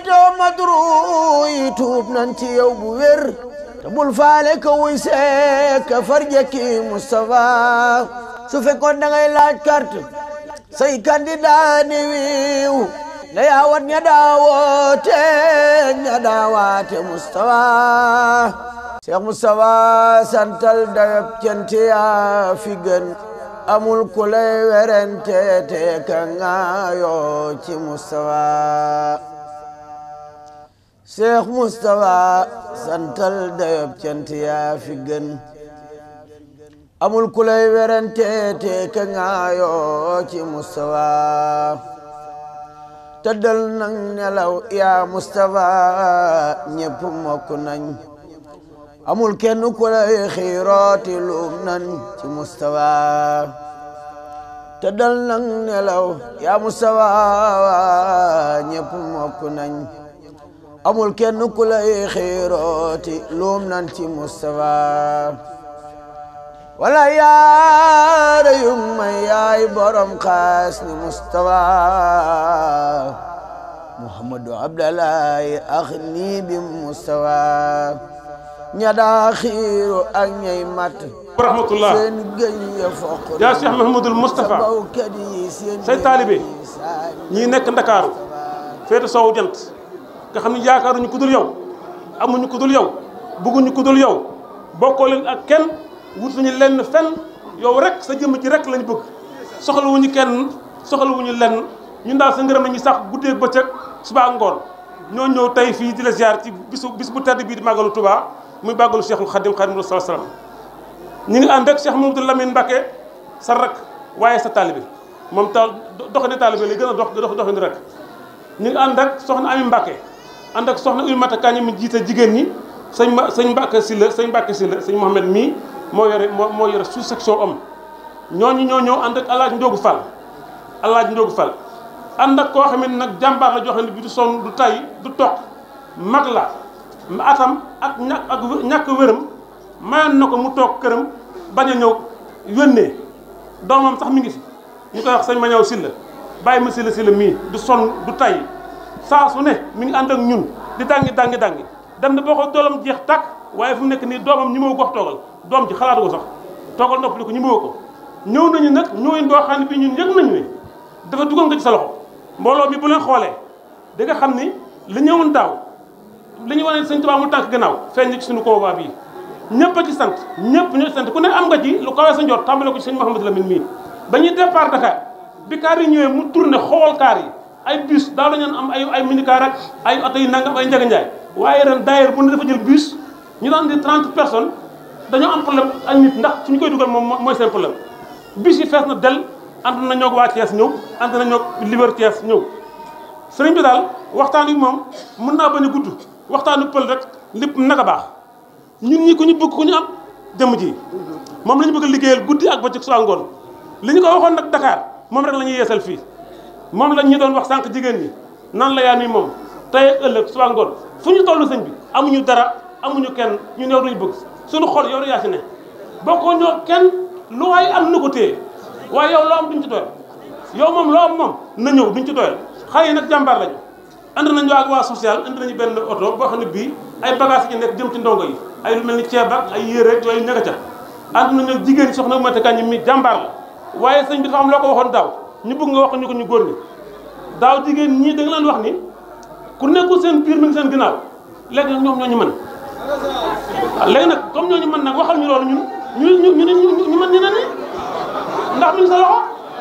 wuytoo madru yi tuub nan ci yow bu wér te bul faale ka wuy see ka farjëkki su fekkoon da ngay laaj carte say candidat wiiw ne yaa wat daawoote ña daawaate Moustapha santal dayab cente yaa fi gën amul ku lay werente te ka ngaayoo ci Moustapha Seex Mustafa santal dayob cant yaa fi gën amul ku lay werante te ka ngaayoo ci Mustafa tëddal nang nelaw yaa Mustafa ñépp mokk nañ amul kenn ku lay xiirooti luum nan ci Mustafa tëddal nang nelaw yaa Mustafa ñépp mokk nañ amul kenn ku lay xiirooti luum nan ci Moustapha wala yaara yu ma yaay borom xaas ni Moustapha Muhammadu Abdallahi ax nii bi Moustapha ña daa xiiru ak ñay mat rahmatullah seen gëñ ya foq yaa Cheikh Mahmoudul Moustapha say taalibe ñii nekk Ndakaaru féete sowu jant nga xam ne yaakaaruñu ku dul yow amuñu ku yow bëgguñu ku dul yow bokkoo leen ak kenn wutuñu lenn fenn yow rek sa jëmm ci rek lañ wu ñu kenn soxlawuñu lenn ñun daal sa ngërëm la ñuy sax guddee bëccëg subaa ngoon ñoo ñëw tey fii di la ziar ci bisu bis bu tedd bii di màggalu Touba muy bàggalu Cheikhul Khadim Khadim Rasul salaam ñu ngi ànd ak Cheikh Mamadou Lamine Mbacke sa rak waaye sa taalibe moom taal doxandi taalibe li gën a dox dox doxandi rek ñu ànd ak soxna Ami Mbacke ànd ak soxna Ulimata Kañ mi jiite jigéen ñi sëñ mba sëñ Mbàkke Sylla sëñ Mbàkke Sylla sëñ Mohamed mii moo yore moo yore sous section homme ñooñu ñoo ñëw ànd ak alaaj Ndiogu Fall alaaj Ndiogu Fall ànd ak koo xam nag jàmbaar la joxe bi du sonn du tay du toq mag la atam ak ñàkk ak ñàkk wéram mayoon na ko mu toog këram bañ a ñëw yónnee doomam sax mu ngi fi ñu koy wax sëñ ma ñëw Sylla bàyyi ma Sylla Sylla mii du sonn du tay saa su ne mu ngi ànd ak ñun di tàngi tàngi tàngi dem na boo ko doolam jeex tàkk waaye fu mu nekk nii doomam ñi moo ko wax toogal doom ji xalaatu ko sax toogal noppali ko ñi moo ko ñëw nañu nag ñooy doo xam ne bi ñun yëg nañu ne dafa dugal nga ci sa loxo mbooloo mi bu leen xoolee di nga xam ni li ñëwoon daaw li ñu wane sëñ Tuubaa mu tànk gannaaw feeñ ci suñu convoi bii ñëpp ci sant ñëpp ñoo ci sant ku ne am nga ji lu kawee sa njort tàmbale ko ci sëñ Mouhamadou Lamine mii ba ñuy départ Dakar bi kaar yi ñëwee mu tourné xool kaar yi ay bus daa lañu am ay ay minicar ak ay auto yi nangam ay njaga ndjay waye ren daayir bu ne dafa jël bus ñu daan di 30 personnes dañu am problème ak nit ndax ci ñu koy duggal moom moy seen problème bus yi fess na del ant na ñok waa Thiès ñëw ànd na ñok Liberté Thiès ñëw sëriñ bi daal waxtaan wi mom mën na bañu a gudd waxtaanu pel rek lepp naka baax ñun ñi ku ñu bëgg ku ñu am dem ji mom lañu bëgg liggéeyal guddi ak ba ci ngoon liñ ko waxon nak Dakar mom rek lañu ñuy yeesal fii moom lañ ñu doon wax sànq jigéen ñi nan la yaa moom tey ak ëllëg suba ngoon fu ñu tollu sëñ bi amuñu dara amuñu kenn ñu new duñ bëgg suñu xol yow yaa si ne bokkoo ñoo kenn lu waay am na ko téye waaye yow loo am duñ ci doyal yow moom loo am moom na ñëw duñ ci doyal xale yi nag jàmbaar lañu ànd nañu ak waa social ànd nañu benn oto boo xam ne bii ay bagages yi nekk jëm ci ndongo yi ay lu mel ni ceeb ak ay yére ak yooyu nekk ca ànd nañu ak jigéen soxna Mate Kañ jàmbaar la waaye sëñ bi dafa am ko waxoon daaw ñu bëgg nga wax ñu ko ñu góor ñi daaw jigéen ñii da nga leen wax ni ku nekkul seen biir mi ngi seen ginnaaw léegi nag ñoom ñoo ñu mën léegi nag comme ñoo ñu mën nag waxal ñu loolu ñun ñu ñu ñu ñu mën ñeneen ñi ndax mi ngi sa loxo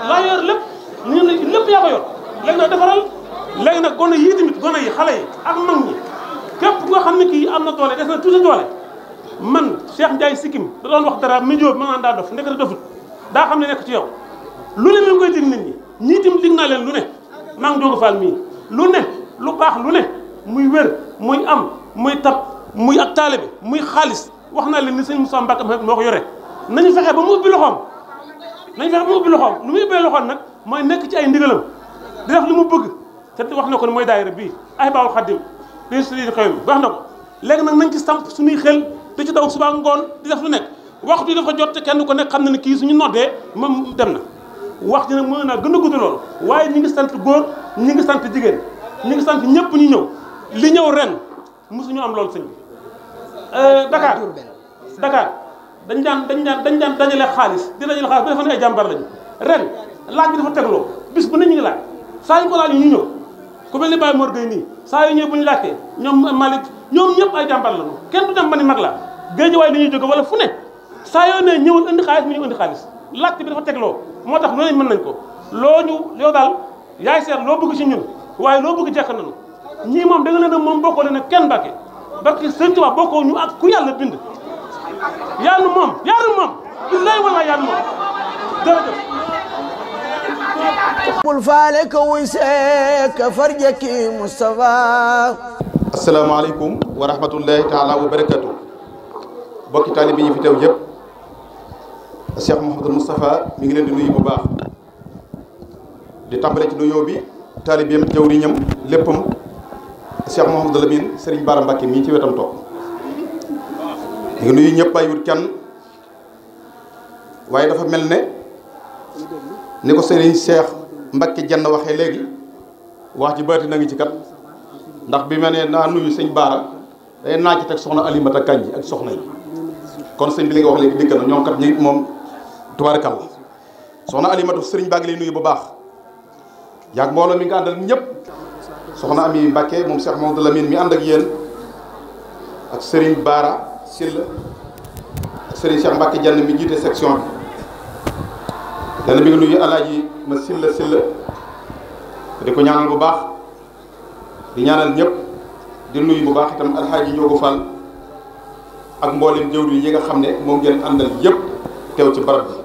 laa yor lépp ñu ne lépp yaa ko yor léegi nag defaral léegi nag gone yii tamit gone yi xale yi ak mag ñi képp koo xam ne kii am na doole des na toujours doole man Cheikh Ndiaye Sikkim da doon wax dara mi jóob ma naan daa dof ndekete dofut daa xam ne nekk ci yow lune ne koy dig nit ñi ñii tim dig naa leen lu ne ngi doog faal mii lu lu baax lu muy wér muy am muy tab muy ak taalibe muy xaalis wax naa ni sëñ Moussa Mbacke moo ko yore nañu fexe ba mu ubbi loxoom nañu fexe ba mu ubbi loxoom lu muy ubbee loxoom nag mooy nekk ci ay ndigalam di def li mu bëgg te wax na ko ne mooy daayira bii ay baawul xaddim bi sudi xew mi wax na ko léegi nag nañ ci samp suñuy xel di ci daw suba ngoon di def lu nekk waxtu dafa jot kenn ko nekk xam na ne suñu noddee moom dem na wax ji nag mën naa gën a gudd lool waaye ñi ngi sant góor ñi ngi sant jigéen ñu ngi sant ñëpp ñu ñëw li ñëw ren mosuñu am loolu sëñ bi euh, Dakar Dakar dañ daan dañ daan dañ daan dajale xaalis di dajale xaalis ba defoon ay jàmbar lañu ren laaj bi dafa tegloo bis bu ne ñu ngi laaj saa ñu ko laaj ñu ñëw ku mel ni Baye Mor nii saa yu ñëw bu ñu laajtee ñoom Malick ñoom ñëpp ay jàmbar lañu kenn du dem ba ni mag la géej waaye dañuy jóge wala fu ne saa yoo ne ñëwal indi xaalis mu ñu indi làkk bi dafa tegloo moo tax loolu mën nañ ko loo ñu yow daal yaay seet loo bëgg ci ñun waaye loo bëgg jekk nañu ñii moom da nga leen a moom kenn bàkke bàkke sëñ Tuubaa bokkoo ñu ak ku yàlla bind yàlla moom yàlla moom billaay wala yàlla moom jërëjëf bul faale ko wuy seek farje ki Moustapha asalaamaaleykum Cheikh Mouhamadou Moustapha mi ngi leen di nuyu bu baax di tàmbale ci nuyoo bi taalibeem jawriñam léppam Cheikh Mouhamadou Lamine Serigne Bara Mbacke mii ci wetam toog mi ngi nuyu ñëpp ay wut kenn waaye dafa mel ne ni ko Serigne Cheikh Mbacke jenn waxee léegi wax ji baati na ngi ci kat ndax bi ma ne naa nuyu sëñ Baara day naa ci teg soxna Alimata Kanji ak soxna yi kon sëñ bi li nga wax léegi dikk na ñoom kat ñi moom. tubaarkalla soxna Alimatu sëriñ baa ngi lay nuyu bu baax yaag mbooloo mi nga àndal ñëpp soxna Ami Mbacke moom Cheikh Mamadou Lamine mi ànd ak yéen ak sëriñ Baara Silla ak sëriñ Cheikh Mbacke Diagne mi jiite section bi dana mi ngi nuyu alaaji ma Silla Silla di ko ñaanal bu baax di ñaanal ñëpp di nuyu bu baax itam alxaaji Ndiogo Fall ak mboolem jëwriñ yi nga xam ne moom ngeen àndal yëpp teew ci barab bi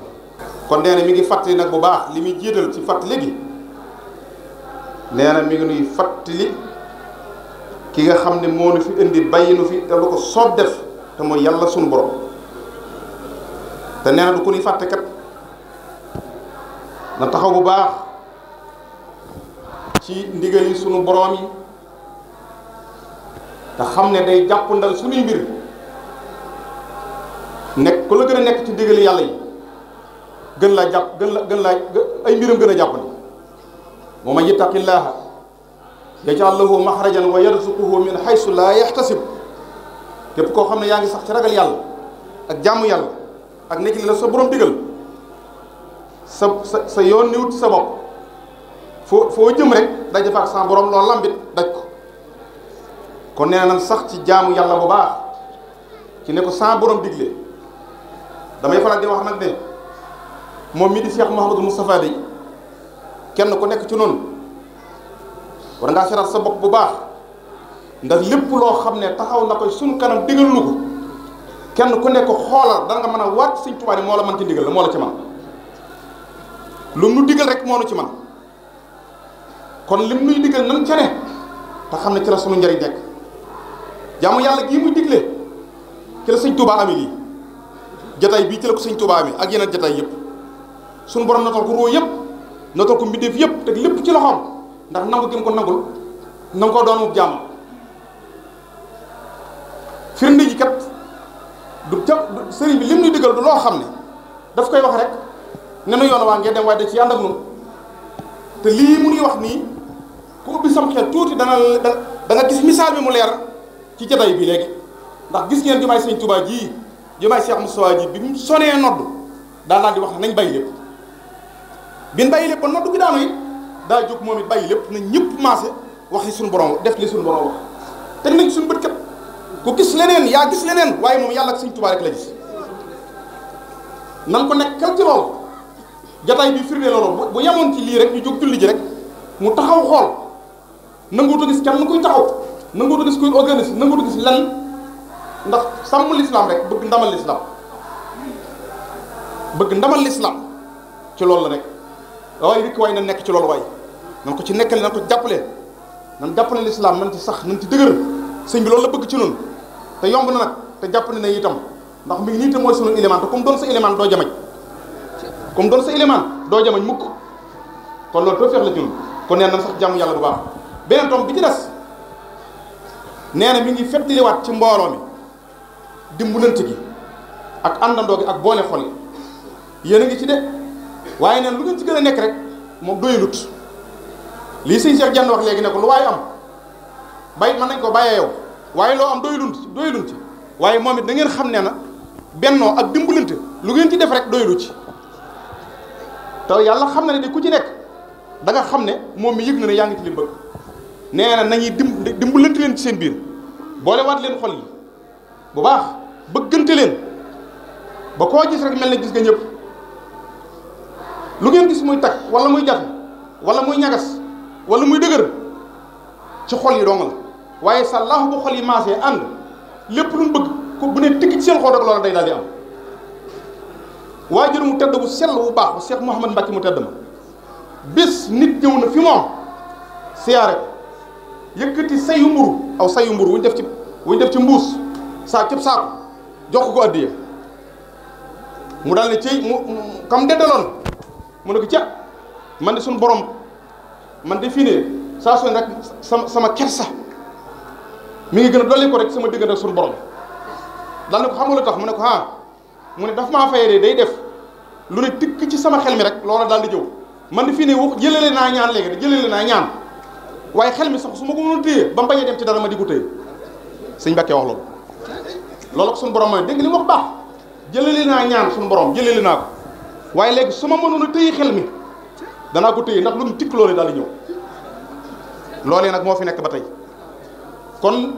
kon nee mi ngi fàttali nag bu baax li muy jiital ci fàttali gi nee na mi ngi nuy fàttali ki nga xam ne moo nu fi indi bàyyi nu fi da ko soob def te mooy yàlla sunu borom te nee na du ko nuy fàtte kat na taxaw bu baax ci ndigal yi sunu borom yi te xam ne day jàppandal sunuy mbir nekk ku la gën a nekk ci ndigal yàlla yi. gën laa jàpp gën la gën laa ay mbiram gën a jàppandi wa man yattaqillaaha yaj'al lahu maxrajan wa yarzuquhu min xaysu laa yaxtasib képp koo xam ne yaa ngi sax ci ragal yàlla ak jaamu yàlla ak nekk li sa borom digal sa sa yoon ni wut sa bopp foo jëm rek daje fa ak sa borom loolu nee nan sax ci jaamu yàlla bu baax ci ne ko sa borom digle damay faral di wax nag ne moom mii di Cheikh Mouhamadou Moustapha day kenn ku nekk ci noonu war ngaa seetaat sa bopp bu baax ndax lépp loo xam ne taxaw na koy sunu kanam digal ko kenn ku nekk xoolal da nga mën a waat Sëñ Tuubaa ni moo la mën ci ndigal la moo la ci man rek moo nu ci man kon lim nuy digal nan ca ne te xam ne ci la sunu njëriñ nekk jaamu yàlla gii muy digle ci la Sëñ Tuubaa amee lii jataay bii ci la ko Sëñ Tuubaa amee ak yeneen jataay yëpp sun borom natal ko roo yépp natal ko mbindeef yépp teg lépp ci loxom ndax nangu gën ko nangul nang ko doon mu jàmm firnde ji kat du jàpp sëriñ bi lim ñu digal du loo xam ne daf koy wax rek ne nu yoon waa ngeen dem waaye da ci ànd ak nun te lii mu ñuy wax nii ku ubbi sam xel tuuti dana da nga gis misaal bi mu leer ci jotaay bi léegi ndax gis ngeen jumaay sëñ Tuubaa ji jumaay Cheikh Moustapha ji bi mu sonee nodd daan naa di wax nañ bay lépp bin bàyyi lépp ba noddu gi daanu it daa jóg moom it bàyyi lépp na ñëpp maase waxi suñu borom def li suñu borom wax teg nañ suñu bët képp ku gis leneen yaa gis leneen waaye moom yàlla ak Sëñ Tuubaa rek la gis nan ko nekkal ci loolu jataay bi firnde loolu bu yemoon ci lii rek ñu jóg julli ji rek mu taxaw xool nanguutu gis kenn kuy taxaw nanguutu gis kuy organise nanguutu gis lan ndax sàmm lislaam rek bëgg ndamal lislaam bëgg ndamal lislaam ci loolu rek waaye nit ki waaye na nekk ci loolu waay nan ko ci nekkal nan ko jàppale nan jàppale lislaam man ci sax nan ci dëgër sëñ bi loolu la bëgg ci noonu te yomb na nag te jàppale na itam ndax mi ngi nii te mooy sunu élément te comme doon sa élément doo jamaj comme doon sa élément doo jamaj mukk kon loolu doo feex la ci noonu kon nee nan sax jàmm yàlla bu baax beneen toom bi ci des nee na mi ngi fettaliwaat ci mbooloo mi dimbalante gi ak àndandoo gi ak boole xol yi ci de waaye neen lu ngeen ci gën a nekk rek moom doyalut lii sëñ Cheikh jandoo wax léegi ne ko lu waaye am bay man nañ ko bàyyee waaye loo am doyulun ci doyulun waaye moom it da ngeen xam ne na bennoo ak dimbalante lu ngeen ci def rek doylu ci te yàlla xam na ne di ku ci nekk da xam ne moom mi yëg na ne yaa bëgg nee na nañuy dim dimbalante leen ci seen biir boolewaat leen xol yi bu baax bëggante leen ba koo gis rek mel na gis nga ñëpp lu ngeen gis muy tag wala muy jafe wala muy ñagas wala muy dëgër ci xol yi dong la waye sallahu bu xol yi maasee and lepp lu mu bëgg ko bu ne tikki ci seen xol rek loolu day daal di am wajur mu tedd bu sel bu baax cheikh mohammed mbacke mu tedd ma bis nit ñew na fi mo siyaré yëkëti sayu mburu aw sayu mburu wuñ def ci wuñ def ci mbuus saa cëb saako jox ko addiya mu dal ci mu kam dédalon mu ne ko ca man de borom man de fii ne su sama sama kersa mi ngi gëna a dolli ko rek sama diggante ak suñu borom dal ne ko xamul tax mu ne ko ah mu ne daf maa fayee day def lu ne tik ci sama xel mi rek loola dal di jëw man de fii wax ñaan léegi de jëlale ñaan waaye xel mi sax suma ko mënul tey ba mu dem ci dara ma di ko señ mbacké wax lool lool ak sun borom mooy dégg li wax ba jëlale na ñaan sun borom jëlale na ko. waaye léegi su ma mënoon a téye xel mi danaa ko téye ndax lu mu tikk loolee daal di ñëw loolee nag moo fi nekk ba tey kon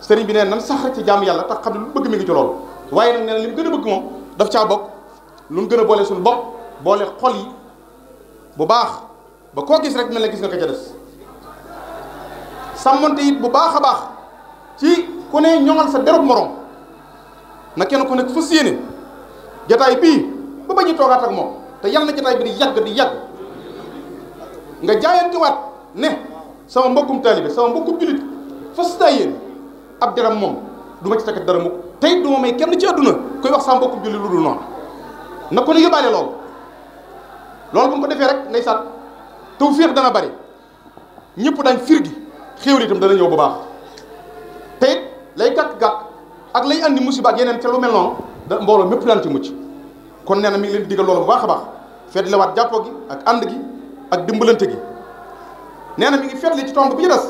sëriñ bi neen nan sax ci jàmm yàlla tax xam ne lu bëgg mi ngi ci loolu waaye nag nee na li gën a bëgg moom daf caa bokk lu mu gën a boole suñu bopp boole xol yi bu baax ba koo gis rek mel na gis nga ko ca des sàmmante it bu baax a baax ci ku ne ñoŋal sa derub moroom na kenn ku nekk fas yéene jataay bii. bañu togat ak mom te yalla ci tay bi di yag di yag nga jaayanti wat ne sama mbokum talibe sama mbokum julit fas tayen ab deram mom duma ci tak dara mu tay duma may kenn ci aduna koy wax sama mbokum julit ludul non na ko ni yobale lol lol bu ko defé rek neysat tawfiq dana bari ñepp dañ firgi xewli itam dana ñew bu baax tay lay kat gak ak lay andi musiba ak yenen ci lu mel non mbolo mepp lan ci mucc kon neena mi ngi leen di digal loolu bu baax a baax fetlewaat jàppoo gi ak ànd gi ak dimbalante gi neena mi ngi fetle ci tomb bi ñu des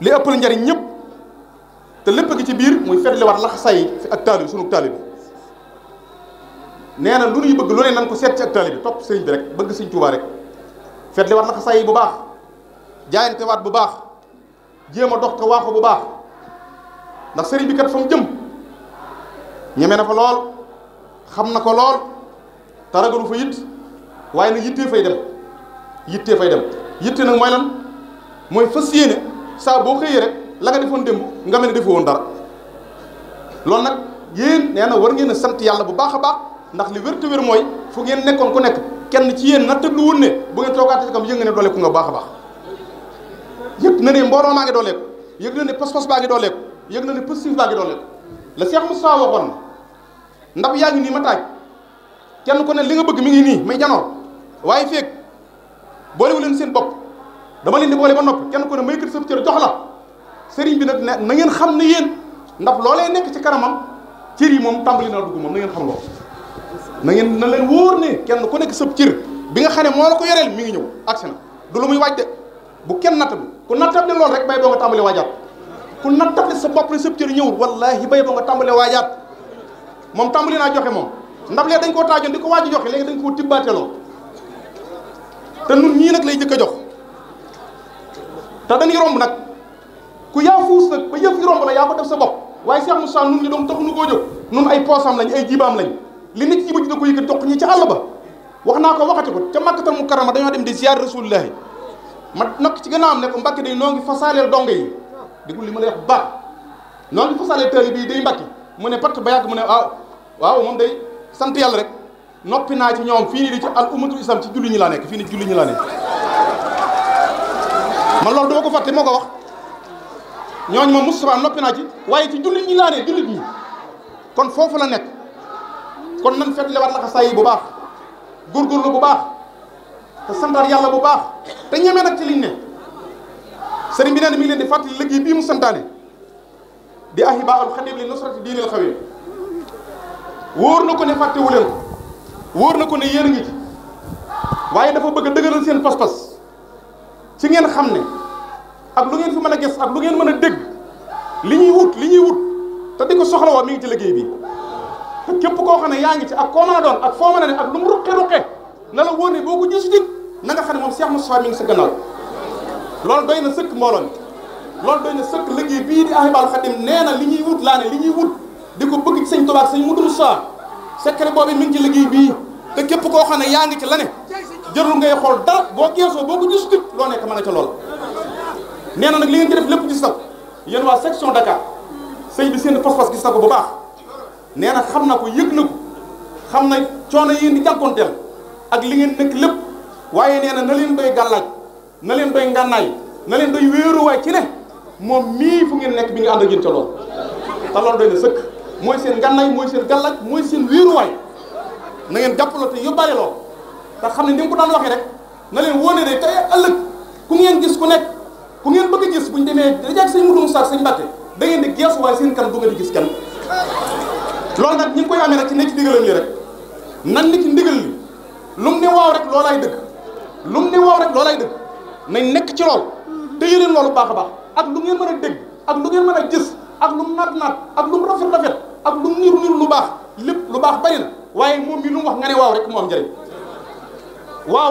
li ëppal njariñ ñëpp te lépp gi ci biir muy fetle fetlewaat laxasay ak talib sunu talib neena lu ñuy bëgg lu ne nañ ko seet ci ak talib top topp sëriñ bi rek bëgg sëriñ Tuubaa rek fetle fetlewaat laxasay bu baax jaayante jaayantewaat bu baax jéem dox te waaxu bu baax ndax sëriñ bi kat fa mu jëm ñeme na fa lool. xam na ko lool te ragalu fa it waaye nag yittee fay dem yittee fay dem yitte nag mooy nan mooy fas yéene saa boo xëyee rek la nga defoon démb nga mel ne defoo woon dara loolu nag yéen nee na war ngeen a sant yàlla bu baax a baax ndax li wér te wér mooy fu ngeen nekkoon ku nekk kenn ci yéen lu woon ne bu ngeen toogaatee ci kam yëg nga ne dooleeku nga baax a baax yëg na ne mbooloo maa ngi dooleeku yëg na ne pas-pas baa ngi dooleeku yëg na ne positif baa ngi dooleeku la ndax yaa ngi nii ma taaj kenn ku ne li nga bëgg mi ngi nii may janoor waaye feeg boolewu leen seen bopp dama leen ne boole ba nopp kenn ko ne may kër sa jox la sëriñ bi nag ne na ngeen xam ne yéen ndab loolee nekk ci kanamam cër yi moom tàmbali na dugg moom na ngeen xam loolu na ngeen na leen wóor ne kenn ku nekk sëb bi nga xam moo la ko yoreel mi ngi ñëw agsi na du lu muy waaj de bu kenn natt bi ku nattab li loolu rek bay boo nga tàmbali waajaat ku nattab li sa bopp ne sëb cër ñëwul wallaahi bay boo nga tàmbali waajaat moom tàmbali naa joxe moom ndab lee dañ koo taajoon di ko waaj joxe léegi dañ koo tibbaateloo te nun ñii nag lay jëkk a jox te dañuy romb nag ku yaa fuus nag ba yëf yi romb na yaa ko def sa bopp waaye Cheikh Moussa nun ñi doom taxuñu koo jóg nun ay poosam lañ ay jibaam lañ li nit ci bëj da ko yëkkat toq ñi ci àll ba wax naa ko waxati ko ca Makkatal Mukarrama dañoo dem di ziar Rasulullahi ma nag ci gën a am ne ko Mbàkke day noo ngi fasaaleel dong yi déglu ma lay wax baax noo ngi day Mbàkke mu ne patt ba yàgg mu ne ah waaw moom day sant yàlla rek noppi naa ci ñoom fii nii di ci al ummatul islam ci julli ñi laa nekk fii nii julli ñi laa nekk man loolu dama ko fàtte moo ko wax ñooñu moom Moustapha noppi naa ci waaye ci julli ñi laa ne jullit ñi kon foofu la nekk kon nan fekk lewaat la saa yi bu baax góorgóorlu bu baax te santaat yàlla bu baax te ñeme nag ci liñ ne sëriñ bi nee na mi ngi leen di fàttali liggéey bii mu santaane di ahiba al xadim li nusrati diinil xawim wóor na ko ne fàttewu leen wóor na ko ne yéen ngi ci waaye dafa bëgg a dëgëral seen pas-pas ci ngeen xam ne ak lu ngeen fi mën a gis ak lu ngeen mën a dégg li ñuy wut li ñuy wut te di ko soxlawoo mi ngi ci liggéey bi te képp koo xam ne yaa ngi ci ak koo mën a doon ak foo a ne ak lu mu ruqe ruqe na la wóor ne boo ko gis dig na nga xam ne moom Cheikh Moustapha mi ngi sa gannaaw loolu doy na sëkk mbooloo mi loolu doy na sëkk liggéey bii di Ahibahil Khadim nee ñuy wut laa li ñuy wut di ko bëgg ci sëñ Tuubaa ak sëñ Mudu Musaa secret boobu mi ngi ci liggéey bii te képp koo xam ne yaa ngi ci la ne jërul ngay xool dara boo geesoo boo ko gisut loo nekk mën a ca lool nee na nag li ngeen ci def lépp gis na ko yéen waa section Dakar sëñ bi seen pas-pas gis na ko bu baax nee na xam na ko yëg na ko xam na coono yi di jànkoonteel ak li ngeen nekk lépp waaye nee na na leen doy gàllaaj na leen doy ngànnaay na leen doy wéeruwaay ci ne moom mii fu ngeen nekk bi nga ànd ak yéen ca lool te mooy seen ngànnaay mooy seen gàllaj mooy seen wéeruwaay na ngeen jàppaloo te yóbbaale loo te xam ne ni nga ko daan waxee rek na leen wóone te tey ëllëg ku ngeen gis ku nekk ku ngeen bëgg a gis bu ñu demee dajeeg sëñ Mudu Musaa sëñ Mbàkke da ngeen di gees waaye seen kan du nga di gis kenn loolu nag ñi ko koy amee ci ne ci ndigalam li rek nan ni ci ndigal li lu mu ne waaw rek loolaay dëgg lu mu ne waaw rek loolaay dëgg nañ nekk ci lool te yéen loolu baax a baax ak lu ngeen mën a dégg ak lu ngeen mën a gis ak lu mu naat naat ak lu mu rafet rafet ak lu nur lu baax lépp lu baax bari na waaye moom mi lu mu wax nga ne waaw rek moo am njariñ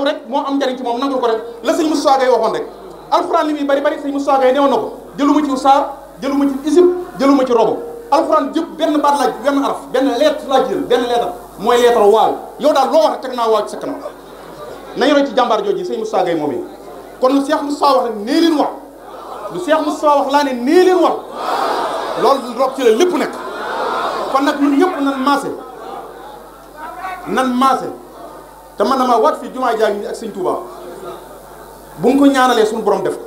rek moo am njariñ ci moom nangul ko rek la sëñ Moustapha Gaye waxoon rek alxuraan li muy bari bari sëñ mu Gaye newoon na ko jëluma ci saar jëluma ci isib jëluma ci robo alxuraan jëpp benn baat laaj benn araf benn lettre laaj jël benn lettre mooy lettre waaw yow daal loo wax teg naa waaw ci na kanam nañu roy ci jàmbaar jooju sëñ Moustapha Gaye moom yi kon lu Cheikh Moustapha wax ne nee leen wax lu Cheikh Moustapha laa ne nee loolu rob ci lépp nekk kon nag ñun ñëpp nan maase nan maase te man dama waat fii jumaa jaa ngi ak sëñ Touba bu nga ko ñaanalee suñu borom def ko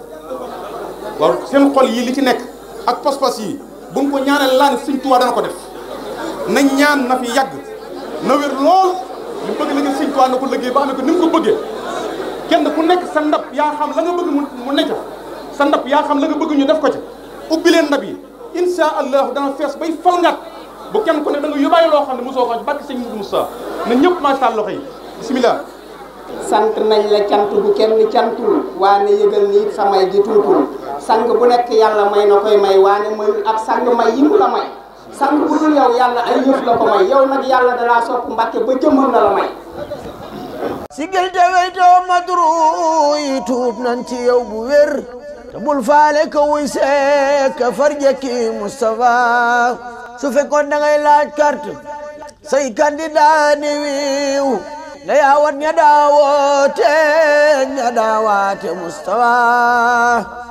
waaw seen xol yi li ci nekk ak pas-pas yi bu nga ko ñaanalee laa ne sëñ Touba dana ko def na ñaan na fi yàgg na wér lool li bëgg liggéey sëñ Touba na ko liggéey ba amee ko ni mu ko bëggee kenn ku nekk sa ndab yaa xam la nga bëgg mu nekk sa ndab yaa xam la nga bëgg ñu def ko ci ubbi leen ndab yi insha allahu dana fees bay falngaat bu kenn loo xam ne mosoo ko ci na ñëpp maa sàll loxo yi bisimilah. bu kenn cantul waane yëgal ni samay sang bu nekk yàlla may na koy may waane may ab sang may yi mu la may sang bu dul yow yàlla ay yëf la may yow nag yàlla dalaa sopp mbàkke ba jëmmam la la may. sigil te weytoo madru yi tuub nan ci yow bu wér te bul faale ka wuy seek ka farjaki Moustapha su fekkoon da ngay laaj carte say candidat wiiw na yaawat ña daawoote ña daawaate Moustapha